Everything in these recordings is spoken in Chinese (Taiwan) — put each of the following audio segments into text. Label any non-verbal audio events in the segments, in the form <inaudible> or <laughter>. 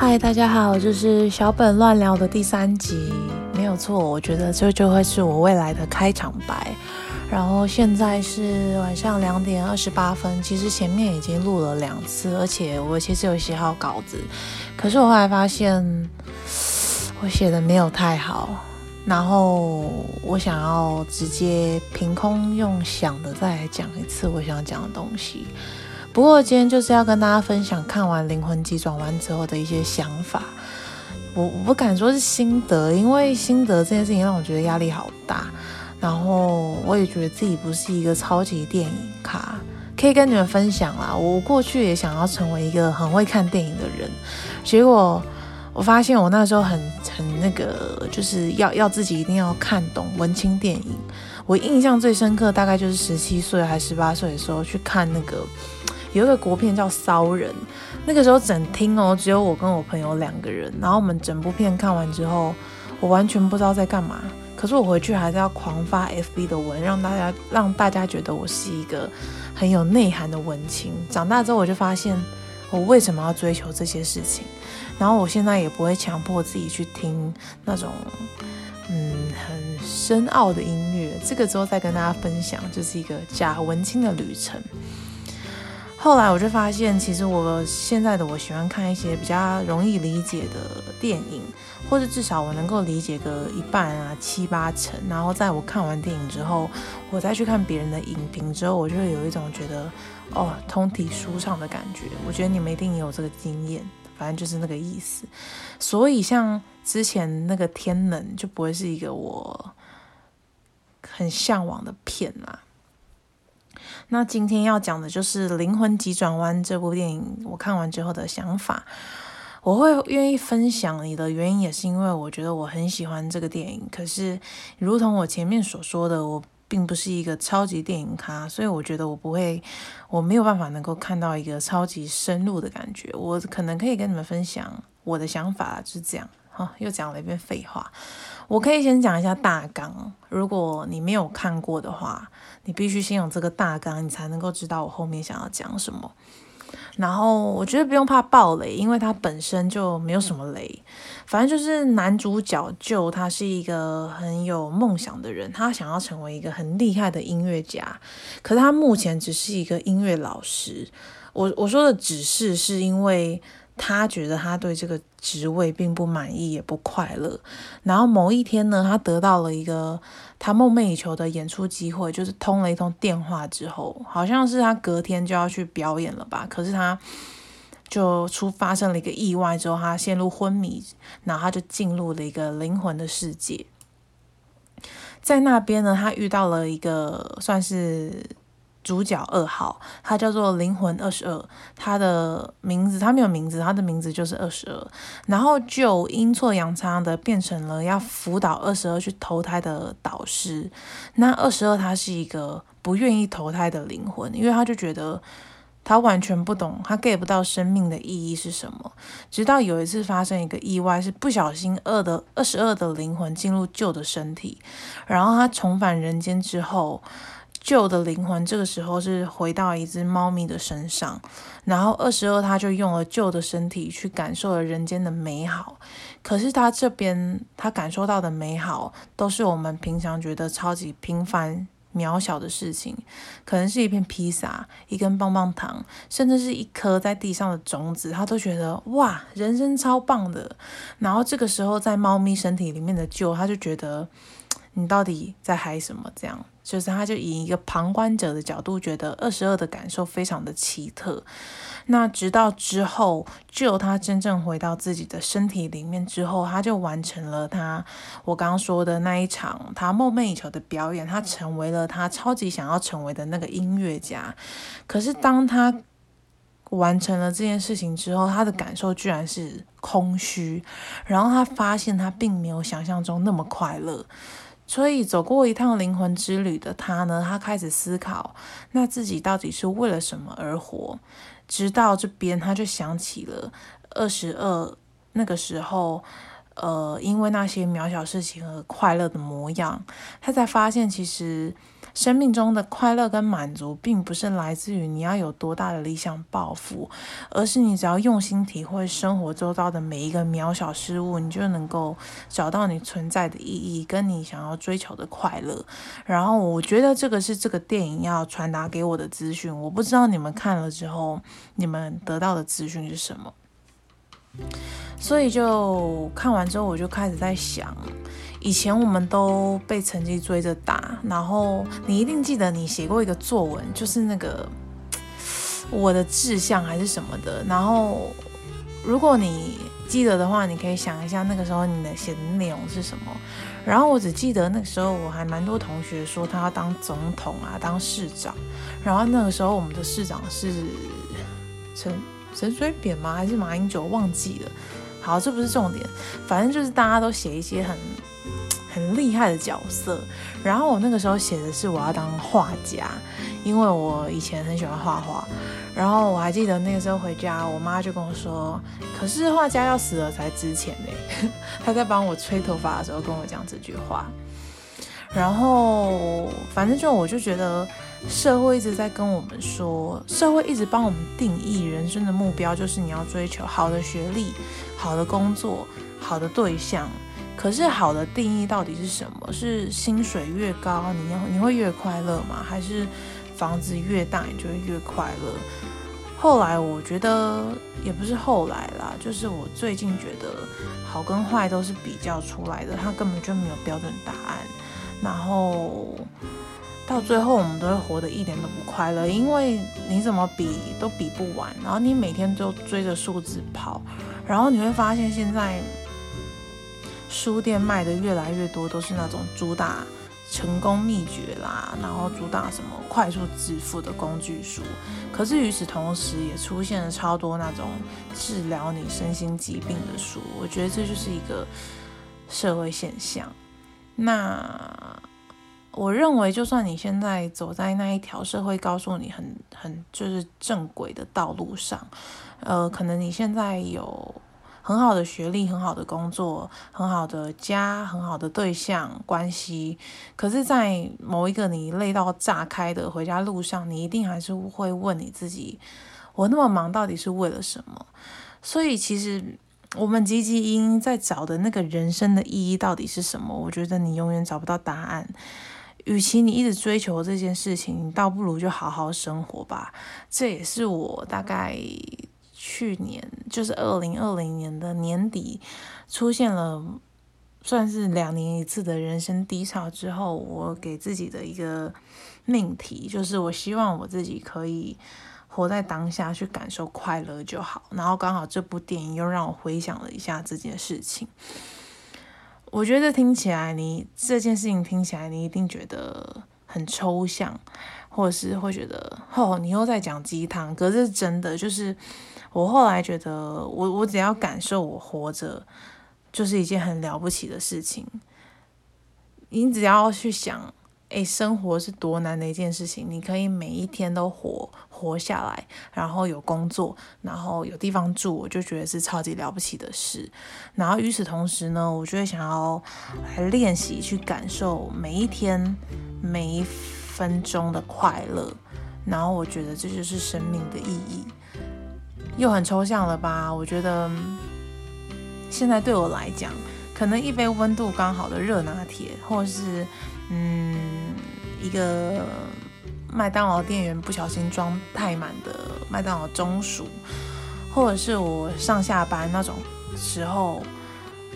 嗨，Hi, 大家好，這是小本亂聊的第三集，沒有錯，我覺得這就會是我未來的開場白。然後現在是晚上兩點二十八分，其實前面已經錄了兩次，而且我其實有寫好稿子，可是我後來發現我寫的沒有太好，然後我想要直接憑空用想的再來講一次我想講的東西。不過今天就是要跟大家分享看完《靈魂急轉彎》之後的一些想法。我我不敢說是心得，因為心得這件事情讓我覺得壓力好大。然後我也覺得自己不是一個超級電影咖，可以跟你們分享啦。我過去也想要成為一個很會看電影的人，結果我發現我那時候很很那個，就是要要自己一定要看懂文青電影。我印象最深刻，大概就是十七歲還十八歲的時候去看那個。有一個國片叫《騷人》，那個時候整廳哦，只有我跟我朋友兩個人。然後我們整部片看完之後，我完全不知道在幹嘛。可是我回去還是要狂發 FB 的文，讓大家讓大家覺得我是一個很有內涵的文青。長大之後，我就發現我為什麼要追求這些事情。然後我現在也不會強迫自己去聽那種嗯很深奧的音樂。這個之後再跟大家分享，就是一個假文青的旅程。後來我就發現，其實我現在的我喜歡看一些比較容易理解的電影，或者至少我能夠理解個一半啊七八成。然後在我看完電影之後，我再去看別人的影評之後，我就會有一種覺得哦，通體舒暢的感覺。我覺得你們一定也有這個經驗，反正就是那個意思。所以像之前那個《天能》就不會是一個我很嚮往的片啦，啊。那今天要講的就是《靈魂急轉彎》這部電影，我看完之後的想法。我會願意分享你的原因，也是因為我覺得我很喜歡這個電影。可是，如同我前面所說的，我並不是一個超級電影咖，所以我覺得我不會，我沒有辦法能夠看到一個超級深入的感覺。我可能可以跟你們分享我的想法，就是這樣。哦，又講了一遍廢話。我可以先講一下大綱，如果你沒有看過的話，你必須先有這個大綱，你才能夠知道我後面想要講什麼。然後我覺得不用怕暴雷，因為他本身就沒有什麼雷。反正就是男主角，就他是一個很有夢想的人，他想要成為一個很厲害的音樂家，可是他目前只是一個音樂老師。我我說的只是是因為。他覺得他對這個職位並不滿意，也不快樂。然後某一天呢，他得到了一個他夢寐以求的演出機會，就是通了一通電話之後，好像是他隔天就要去表演了吧。可是他就出發生了一個意外，之後他陷入昏迷，然後他就進入了一個靈魂的世界。在那邊呢，他遇到了一個算是。.主角二號，他叫做靈魂二十二，他的名字，他沒有名字，他的名字就是二十二。然後就陰錯陽差的變成了要輔導二十二去投胎的導師。那二十二他是一個不願意投胎的靈魂，因為他就覺得他完全不懂，他 get 不到生命的意義是什麼。直到有一次發生一個意外，是不小心二的二十二的靈魂進入舊的身體，然後他重返人間之後。Joe 的靈魂這個時候是回到一隻貓咪的身上，然後二十二他就用了 Joe 的身體去感受了人間的美好。可是他這邊他感受到的美好都是我們平常覺得超級平凡渺小的事情，可能是一片披薩、一根棒棒糖，甚至是一顆在地上的種子，他都覺得哇，人生超棒的。然後這個時候在貓咪身體裡面的 Joe，他就覺得你到底在嗨什麼？這樣。就是他，就以一個旁觀者的角度，覺得二十二的感受非常的奇特。那直到之後，就他真正回到自己的身體裡面之後，他就完成了他我剛剛說的那一場他夢寐以求的表演，他成為了他超級想要成為的那個音樂家。可是當他完成了這件事情之後，他的感受居然是空虛，然後他發現他並沒有想象中那麼快樂。所以走過一趟靈魂之旅的他呢，他開始思考，那自己到底是為了什麼而活？直到這邊，他就想起了二十二那個時候，呃，因為那些渺小事情而快樂的模樣，他才發現其實。生命中的快樂跟滿足，並不是來自於你要有多大的理想抱負，而是你只要用心體會生活周遭的每一個渺小事物，你就能夠找到你存在的意義，跟你想要追求的快樂。然後，我覺得這個是這個電影要傳達給我的資訊。我不知道你們看了之後，你們得到的資訊是什麼。所以，就看完之後，我就開始在想。以前我們都被成績追着打，然後你一定記得你寫過一個作文，就是那個我的志向還是什麼的。然後如果你記得的話，你可以想一下那個時候你寫的內容是什麼？然後我只記得那個時候我還蠻多同學說他要當總統啊，當市長。然後那個時候我們的市長是陳陳水扁嗎？還是馬英九？忘記了。好，這不是重點，反正就是大家都寫一些很很厲害的角色。然後我那個時候寫的是我要當畫家，因為我以前很喜歡畫畫。然後我還記得那個時候回家，我媽就跟我說：“可是畫家要死了才值錢呢。” <laughs> 她在幫我吹頭髮的時候跟我講這句話。然後反正就我就覺得。社會一直在跟我們說，社會一直幫我們定義人生的目標，就是你要追求好的學歷、好的工作、好的對象。可是，好的定義到底是什麼？是薪水越高，你要你會越快樂嗎？還是房子越大，你就會越快樂？後來我覺得，也不是後來啦，就是我最近覺得，好跟壞都是比較出來的，它根本就沒有標準答案。然後。到最後，我們都會活得一點都不快樂，因為你怎麼比都比不完，然後你每天都追着數字跑，然後你會發現，現在書店賣的越來越多都是那種主打成功秘訣啦，然後主打什麼快速致富的工具書，可是與此同時，也出現了超多那種治療你身心疾病的書，我覺得這就是一個社會現象。那。我認為，就算你現在走在那一條社會告訴你很很就是正軌的道路上，呃，可能你現在有很好的學歷、很好的工作、很好的家、很好的對象關係，可是，在某一個你累到炸開的回家路上，你一定還是會問你自己：我那麼忙，到底是為了什麼？所以，其實我們汲汲營營在找的那個人生的意義到底是什麼？我覺得你永遠找不到答案。與其你一直追求這件事情，倒不如就好好生活吧。這也是我大概去年，就是二零二零年的年底，出現了算是兩年一次的人生低潮之後，我給自己的一個命題，就是我希望我自己可以活在當下，去感受快樂就好。然後剛好這部電影又讓我回想了一下這件事情。我覺得聽起來你這件事情聽起來你一定覺得很抽象，或者是會覺得，哦，你又在講雞湯。可是真的就是，我後來覺得我，我我只要感受我活着，就是一件很了不起的事情。你只要去想。誒、欸，生活是多難的一件事情，你可以每一天都活活下來，然後有工作，然後有地方住，我就覺得是超級了不起的事。然後與此同時呢，我就會想要來練習去感受每一天每一分鐘的快樂。然後我覺得這就是生命的意義，又很抽象了吧？我覺得現在對我來講，可能一杯溫度剛好的熱拿鐵，或者是嗯。一個麥當勞店員不小心裝太滿的麥當勞中暑，或者是我上下班那種時候，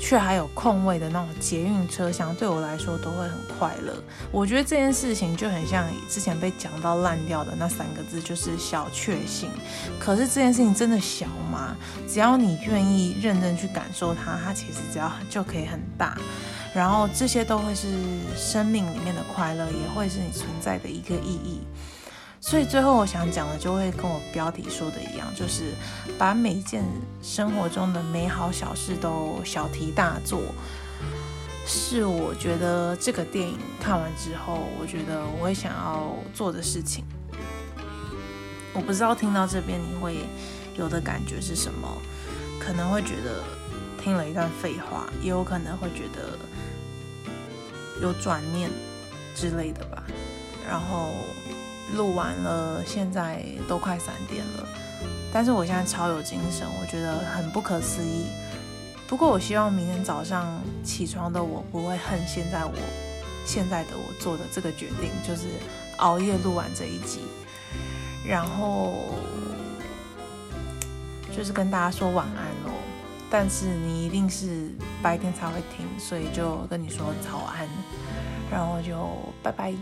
卻還有空位的那種捷運車廂，對我來說都會很快樂。我覺得這件事情就很像之前被講到爛掉的那三個字，就是小確幸。可是這件事情真的小嗎？只要你願意認真去感受它，它其實只要就可以很大。然後這些都會是生命裡面的快樂，也會是你存在的一個意義。所以最後我想講的就會跟我標題說的一樣，就是把每件生活中的美好小事都小題大做，是我覺得這個電影看完之後，我覺得我會想要做的事情。我不知道聽到這邊你會有的感覺是什麼，可能會覺得聽了一段廢話，也有可能會覺得有轉念之類的吧，然後。錄完了，現在都快三點了，但是我現在超有精神，我覺得很不可思議。不過我希望明天早上起床的我不會恨現在我現在的我做的這個決定，就是熬夜錄完這一集，然後就是跟大家說晚安咯。但是你一定是白天才會聽，所以就跟你說早安，然後就拜拜。